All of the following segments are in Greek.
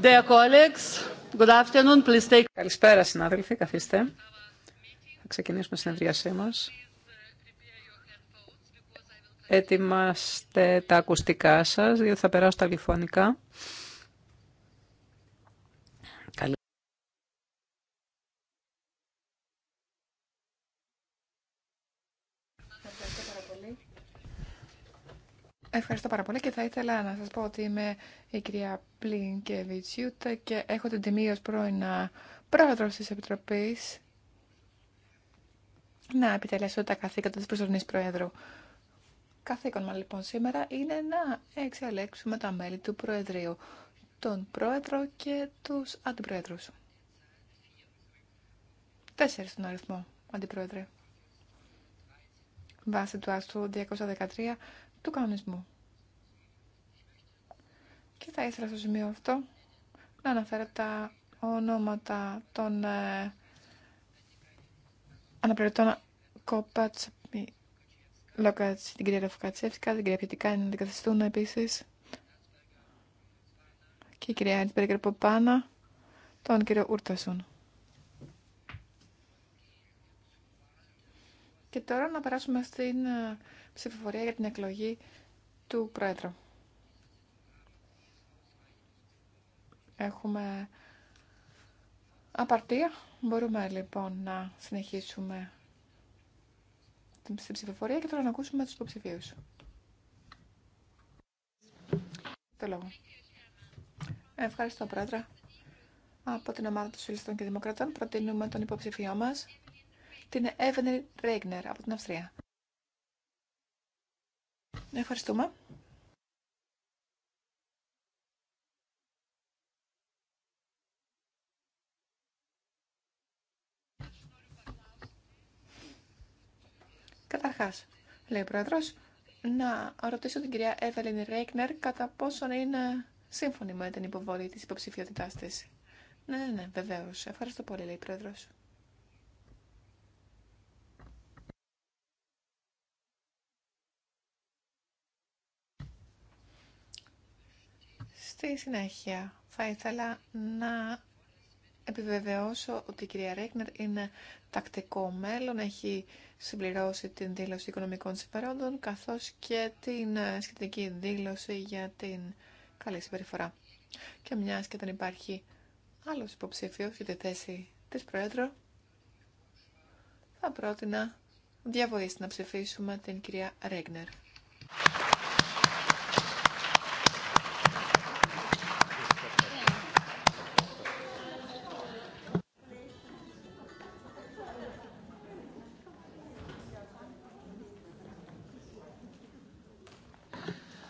Dear colleagues, good afternoon. Please Καλησπέρα συνάδελφοι, καθίστε. Θα ξεκινήσουμε συνεδρίασή μας. Ετοιμάστε τα ακουστικά σας, διότι θα περάσω τα λιφωνικά. Ευχαριστώ πάρα πολύ και θα ήθελα να σας πω ότι είμαι η κυρία Πλίνκεβιτσιούτα και έχω την τιμή ως πρώην πρόεδρος της Επιτροπής να επιτελέσω τα καθήκοντα της προσωρινής Προέδρου. Καθήκον μα λοιπόν σήμερα είναι να εξελέξουμε τα μέλη του Προεδρείου, τον Πρόεδρο και τους Αντιπρόεδρους. Τέσσερις στον αριθμό, Αντιπρόεδρε. Βάσει του άρθρου 213 του κανονισμού. Και θα ήθελα στο σημείο αυτό να αναφέρω τα ονόματα των ε, αναπληρωτών Κόπατς, Λόκατς, την κυρία Ροφκατσεύσκα, την κυρία Πιετικά να αντικαθιστούν επίση. και η κυρία Έντπεργκερ Ποπάνα, τον κύριο Ούρτασουν. Και τώρα να περάσουμε στην ε, ψηφοφορία για την εκλογή του Πρόεδρου. Έχουμε απαρτία. Μπορούμε λοιπόν να συνεχίσουμε την ψηφοφορία και τώρα να ακούσουμε τους υποψηφίου. Το λόγο. Ευχαριστώ, Πρόεδρε. Από την ομάδα των Συλληστών και Δημοκρατών προτείνουμε τον υποψηφιό μας την Εύενη Ρέγνερ από την Αυστρία. Ευχαριστούμε. Καταρχάς, λέει ο Πρόεδρος, να ρωτήσω την κυρία Εύελιν Ρέικνερ κατά πόσον είναι σύμφωνη με την υποβολή της υποψηφιότητάς της. Ναι, ναι, ναι, βεβαίως. Ευχαριστώ πολύ, λέει ο Πρόεδρος. Στη συνέχεια, θα ήθελα να επιβεβαιώσω ότι η κυρία Ρέγνερ είναι τακτικό μέλλον, έχει συμπληρώσει την δήλωση οικονομικών συμφερόντων, καθώς και την ε, σχετική δήλωση για την καλή συμπεριφορά. Και μιας και δεν υπάρχει άλλος υποψήφιος για τη θέση της Πρόεδρου, θα πρότεινα διαβοήσει να ψηφίσουμε την κυρία Ρέγνερ.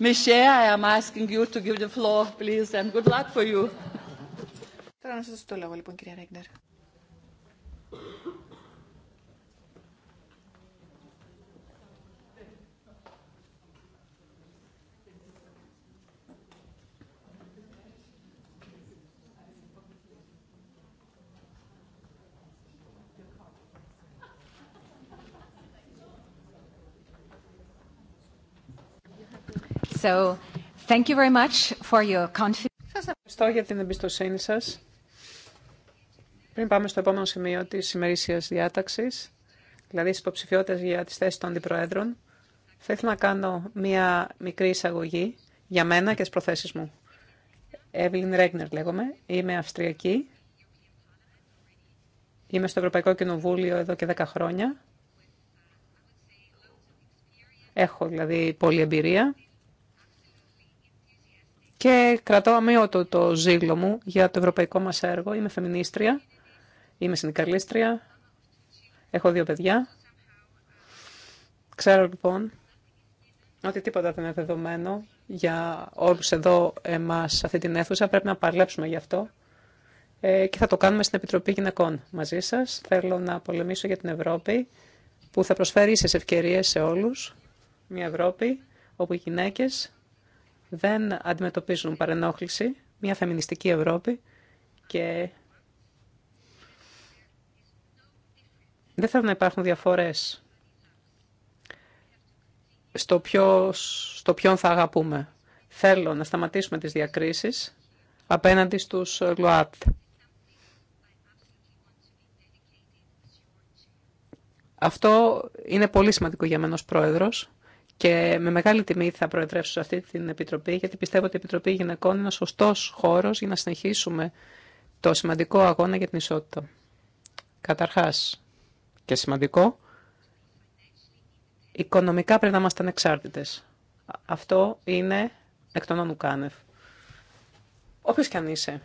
Michelle, I am asking you to give the floor, please, and good luck for you. So, ευχαριστώ για την εμπιστοσύνη σας. Πριν πάμε στο επόμενο σημείο της ημερήσιας διάταξης, δηλαδή στις υποψηφιότητες για τις θέσεις των αντιπροέδρων, θα ήθελα να κάνω μία μικρή εισαγωγή για μένα και τις προθέσεις μου. Εύλιν Ρέγνερ λέγομαι, είμαι Αυστριακή, είμαι στο Ευρωπαϊκό Κοινοβούλιο εδώ και 10 χρόνια. Έχω δηλαδή πολλή εμπειρία και κρατώ αμύωτο το ζήλο μου για το ευρωπαϊκό μας έργο. Είμαι φεμινίστρια, είμαι συνδικαλίστρια, έχω δύο παιδιά. Ξέρω λοιπόν ότι τίποτα δεν είναι δεδομένο για όλους εδώ εμάς αυτή την αίθουσα. Πρέπει να παλέψουμε γι' αυτό ε, και θα το κάνουμε στην Επιτροπή Γυναικών μαζί σας. Θέλω να πολεμήσω για την Ευρώπη που θα προσφέρει ίσες ευκαιρίες σε όλους. Μια Ευρώπη όπου οι γυναίκες δεν αντιμετωπίζουν παρενόχληση, μια φεμινιστική Ευρώπη και δεν θέλουν να υπάρχουν διαφορές στο, ποιος στο ποιον θα αγαπούμε. Θέλω να σταματήσουμε τις διακρίσεις απέναντι στους ΛΟΑΤ. Αυτό είναι πολύ σημαντικό για μένα ως πρόεδρος. Και με μεγάλη τιμή θα προεδρεύσω σε αυτή την Επιτροπή, γιατί πιστεύω ότι η Επιτροπή Γυναικών είναι ένα σωστό χώρο για να συνεχίσουμε το σημαντικό αγώνα για την ισότητα. Καταρχά, και σημαντικό, οικονομικά πρέπει να είμαστε ανεξάρτητε. Αυτό είναι εκ των όνων κάνευ. Όποιο κι αν είσαι,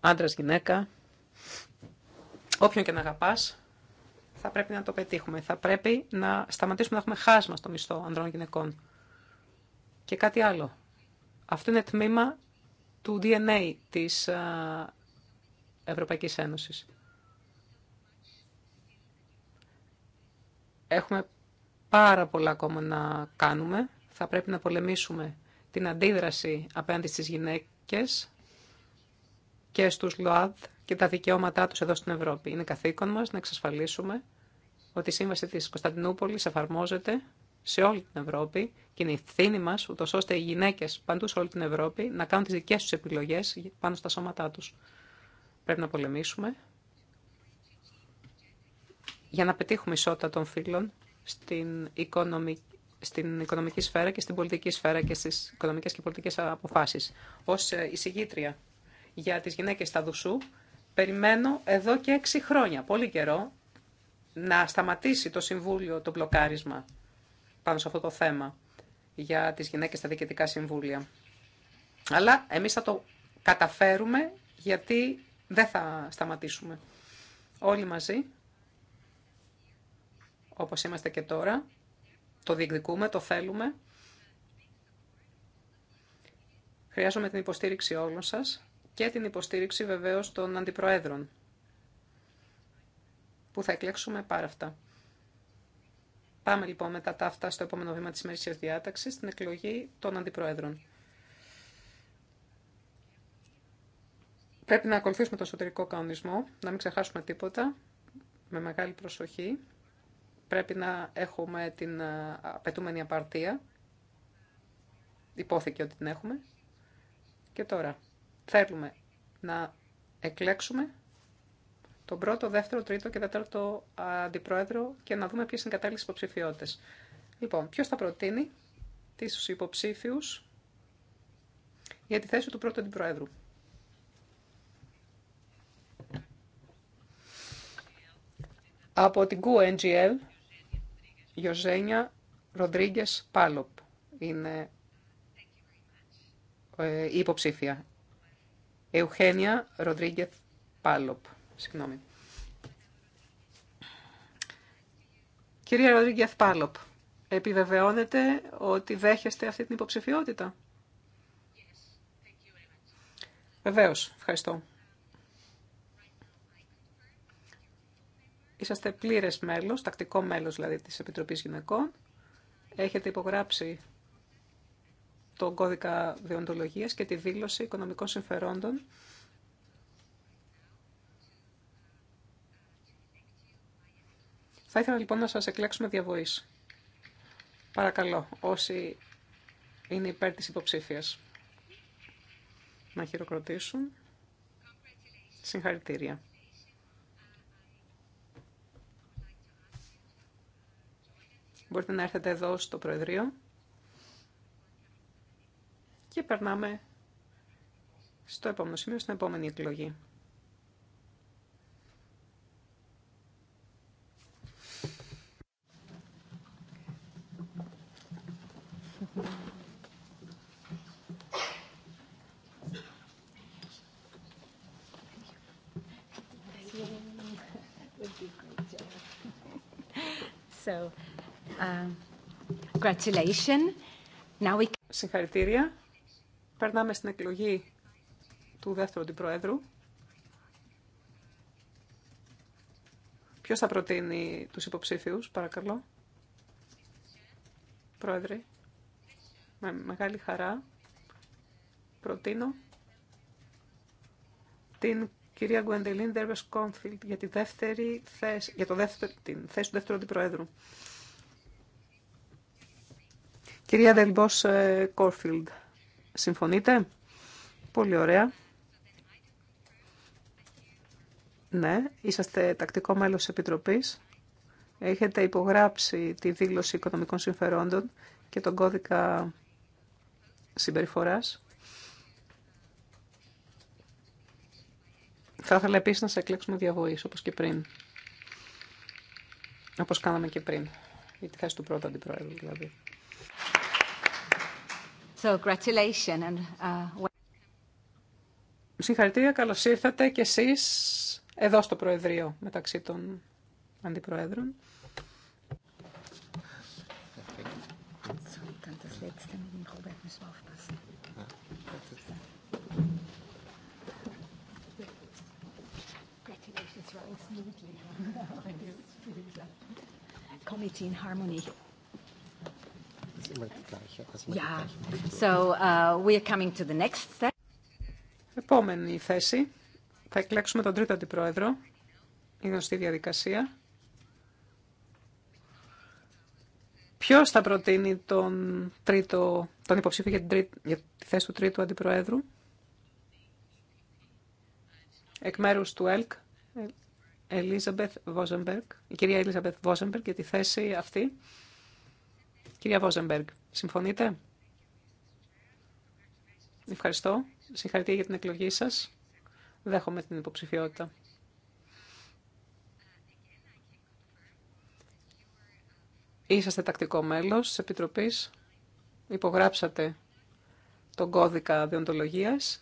άντρα, γυναίκα, όποιον και να αγαπά, θα πρέπει να το πετύχουμε. Θα πρέπει να σταματήσουμε να έχουμε χάσμα στο μισθό ανδρών και γυναικών. Και κάτι άλλο. Αυτό είναι τμήμα του DNA της Ευρωπαϊκής Ένωσης. Έχουμε πάρα πολλά ακόμα να κάνουμε. Θα πρέπει να πολεμήσουμε την αντίδραση απέναντι στις γυναίκες και στους ΛΟΑΔ και τα δικαιώματά τους εδώ στην Ευρώπη. Είναι καθήκον μας να εξασφαλίσουμε ότι η Σύμβαση της Κωνσταντινούπολης εφαρμόζεται σε όλη την Ευρώπη και είναι η ευθύνη μας, ούτως ώστε οι γυναίκες παντού σε όλη την Ευρώπη να κάνουν τις δικές τους επιλογές πάνω στα σώματά τους. Πρέπει να πολεμήσουμε για να πετύχουμε ισότητα των φύλων στην οικονομική, στην οικονομική σφαίρα και στην πολιτική σφαίρα και στις οικονομικές και πολιτικές αποφάσεις. Ως ε, εισηγήτρια για τις γυναίκες στα Δουσού περιμένω εδώ και έξι χρόνια, πολύ καιρό, να σταματήσει το Συμβούλιο το μπλοκάρισμα πάνω σε αυτό το θέμα για τις γυναίκες στα διοικητικά συμβούλια. Αλλά εμείς θα το καταφέρουμε γιατί δεν θα σταματήσουμε. Όλοι μαζί, όπως είμαστε και τώρα, το διεκδικούμε, το θέλουμε. Χρειάζομαι την υποστήριξη όλων σας και την υποστήριξη βεβαίως των αντιπροέδρων που θα εκλέξουμε πάρα αυτά. Πάμε λοιπόν μετά τα αυτά στο επόμενο βήμα της ημερήσιας διάταξης, την εκλογή των αντιπροέδρων. Πρέπει να ακολουθήσουμε τον εσωτερικό κανονισμό, να μην ξεχάσουμε τίποτα, με μεγάλη προσοχή. Πρέπει να έχουμε την ε, απαιτούμενη απαρτία. Υπόθηκε ότι την έχουμε. Και τώρα, θέλουμε να εκλέξουμε τον πρώτο, δεύτερο, τρίτο και τέταρτο αντιπρόεδρο και να δούμε ποιε είναι οι κατάλληλε υποψηφιότητε. Λοιπόν, ποιο θα προτείνει του υποψήφιου για τη θέση του πρώτου αντιπροέδρου. Από την QNGL, Γιωζένια Ροντρίγκε Πάλοπ είναι ε, η υποψήφια. Εουχένια Rodríguez Πάλοπ. Συγγνώμη. Κυρία Ροδρίγκεθ Πάλοπ, επιβεβαιώνετε ότι δέχεστε αυτή την υποψηφιότητα. Βεβαίως, ευχαριστώ. Είσαστε πλήρες μέλος, τακτικό μέλος δηλαδή της Επιτροπής Γυναικών. Έχετε υπογράψει τον κώδικα διοντολογίας και τη δήλωση οικονομικών συμφερόντων Θα ήθελα λοιπόν να σας εκλέξουμε διαβοής. Παρακαλώ, όσοι είναι υπέρ της υποψήφιας, να χειροκροτήσουν. Συγχαρητήρια. Μπορείτε να έρθετε εδώ στο Προεδρείο. Και περνάμε στο επόμενο σημείο, στην επόμενη εκλογή. Um, Συγχαρητήρια. Περνάμε στην εκλογή του δεύτερου αντιπροέδρου. Ποιος θα προτείνει τους υποψήφιους, παρακαλώ. Πρόεδρε, με μεγάλη χαρά προτείνω την κυρία Γκουεντελίν Δέρβες Κόμφιλτ για, τη δεύτερη θέση, για το δεύτερο, την θέση του δεύτερου αντιπροέδρου. Κυρία Δελμπός ε, Κόρφιλντ. Συμφωνείτε? Πολύ ωραία. Ναι, είσαστε τακτικό μέλος της Επιτροπής. Έχετε υπογράψει τη δήλωση οικονομικών συμφερόντων και τον κώδικα συμπεριφοράς. Θα ήθελα επίσης να σε εκλέξουμε διαβοής, όπως και πριν. Όπως κάναμε και πριν. Η του πρώτου αντιπρόεδρου, δηλαδή. So, congratulations and, uh... Συγχαρητήρια, καλώς ήρθατε και εσείς εδώ στο Προεδρείο μεταξύ των Αντιπροέδρων. Committee in Επόμενη θέση. Θα εκλέξουμε τον τρίτο αντιπρόεδρο. Η γνωστή διαδικασία. Ποιο θα προτείνει τον, τρίτο, τον υποψήφιο για, τη θέση του τρίτου αντιπροέδρου. Εκ μέρου του ΕΛΚ, Elizabeth η κυρία Ελίζαμπεθ Βόζενμπεργκ, για τη θέση αυτή. Κυρία Βόζεμπεργκ, συμφωνείτε? Ευχαριστώ. Συγχαρητήρια για την εκλογή σας. Δέχομαι την υποψηφιότητα. Είσαστε τακτικό μέλος της Επιτροπής. Υπογράψατε τον κώδικα διοντολογίας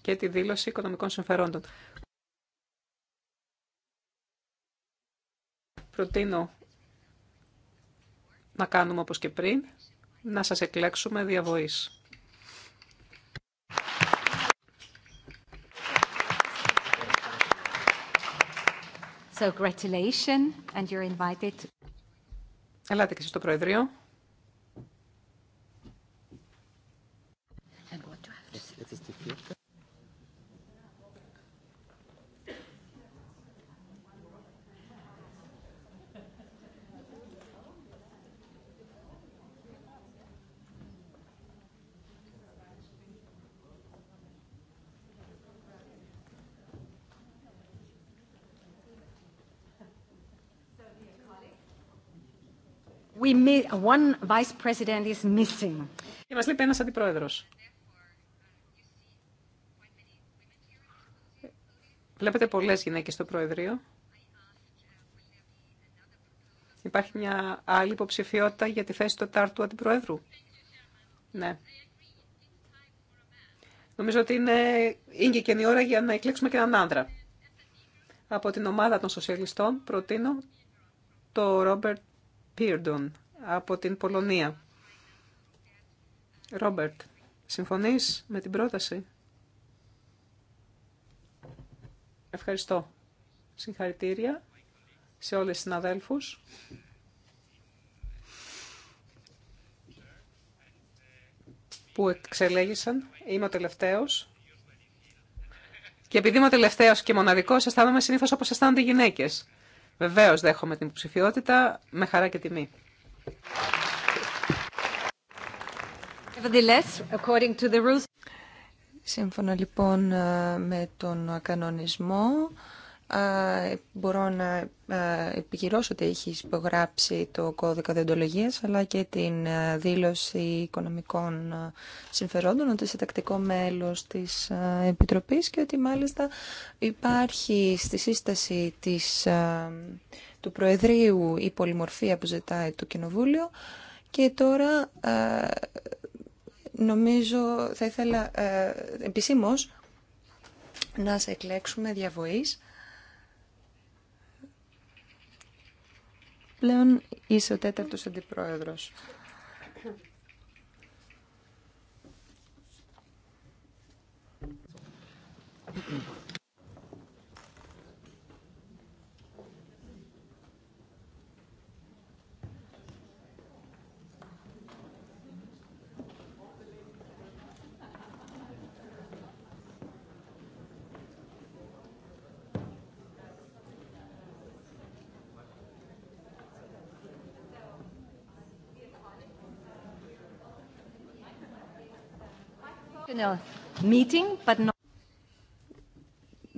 και τη δήλωση οικονομικών συμφερόντων. Προτείνω να κάνουμε όπως και πριν, να σας εκλέξουμε διαβοής. Ελάτε και εσείς στο Προεδρείο. We one vice president is missing. Και μας λείπει ένας αντιπρόεδρος. Βλέπετε πολλές γυναίκες στο Προεδρείο. Υπάρχει μια άλλη υποψηφιότητα για τη θέση του τάρτου αντιπροέδρου. Ναι. Νομίζω ότι είναι, ίγκη και ώρα για να εκλέξουμε και έναν άντρα. Από την ομάδα των σοσιαλιστών προτείνω το Ρόμπερτ Πίρντον από την Πολωνία. Ρόμπερτ, συμφωνείς με την πρόταση? Ευχαριστώ. Συγχαρητήρια σε όλες τις συναδέλφους. που εξελέγησαν. Είμαι ο τελευταίος. Και επειδή είμαι ο τελευταίος και μοναδικός, αισθάνομαι συνήθως όπως αισθάνονται οι γυναίκες. Βεβαίω, δέχομαι την υποψηφιότητα, με χαρά και τιμή. Σύμφωνα λοιπόν ε, με τον κανονισμό, μπορώ να επικυρώσω ότι έχει υπογράψει το κώδικα διοντολογία αλλά και την δήλωση οικονομικών συμφερόντων ότι είσαι τακτικό μέλος της Επιτροπής και ότι μάλιστα υπάρχει στη σύσταση της, του Προεδρείου η πολυμορφία που ζητάει το Κοινοβούλιο και τώρα νομίζω θα ήθελα επισήμω να σε εκλέξουμε διαβοής πλέον είσαι ο τέταρτος αντιπρόεδρος.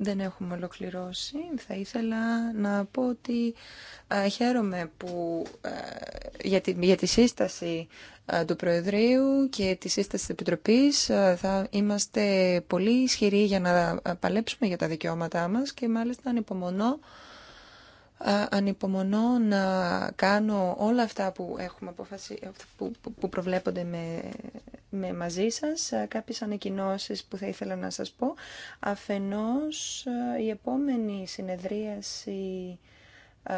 Δεν έχουμε ολοκληρώσει. Θα ήθελα να πω ότι ε, χαίρομαι που, ε, για, τη, για τη σύσταση ε, του Προεδρείου και τη σύσταση της Επιτροπής. Θα είμαστε πολύ ισχυροί για να παλέψουμε για τα δικαιώματά μας και μάλιστα ανυπομονώ ανυπομονώ να κάνω όλα αυτά που, έχουμε αποφασί... που, που, προβλέπονται με, με μαζί σας. Κάποιες ανακοινώσεις που θα ήθελα να σας πω. Αφενός, η επόμενη συνεδρίαση α,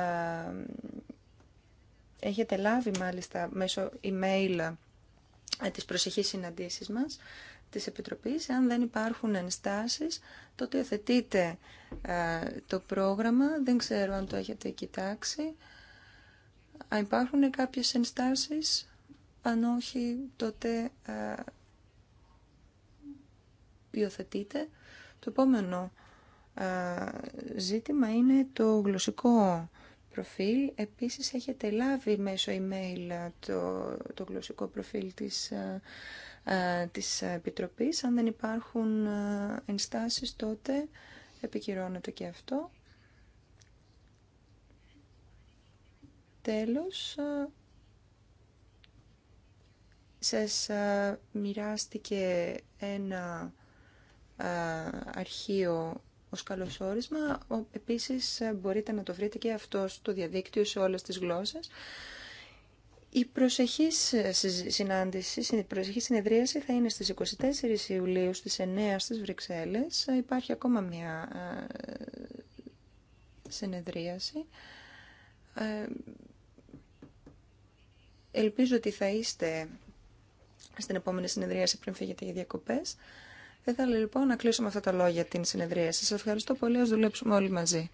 έχετε λάβει μάλιστα μέσω email ε, τις προσεχείς συναντήσεις μας της Επιτροπής. Αν δεν υπάρχουν ενστάσεις, τότε θετείτε ε, το πρόγραμμα. Δεν ξέρω αν το έχετε κοιτάξει. Αν υπάρχουν κάποιες ενστάσεις, αν όχι, τότε ε, υιοθετείτε. Το επόμενο ε, ζήτημα είναι το γλωσσικό προφίλ. Επίσης έχετε λάβει μέσω email το, το γλωσσικό προφίλ της, ε, ε, της Επιτροπής. Αν δεν υπάρχουν ε, ενστάσεις τότε επικυρώνεται και αυτό. Τέλος, σας μοιράστηκε ένα αρχείο ως καλωσόρισμα. Επίσης ε, μπορείτε να το βρείτε και αυτό στο διαδίκτυο σε όλες τις γλώσσες. Η προσεχής ε, συνάντηση, η προσεχή συνεδρίαση θα είναι στις 24 Ιουλίου στις 9 στις Βρυξέλλες. Ε, υπάρχει ακόμα μια συνεδρίαση. Ελπίζω ότι θα είστε στην επόμενη συνεδρίαση πριν φύγετε για διακοπές. Θα ήθελα λοιπόν να κλείσω με αυτά τα λόγια την συνεδρία σας. Ευχαριστώ πολύ, ας δουλέψουμε όλοι μαζί.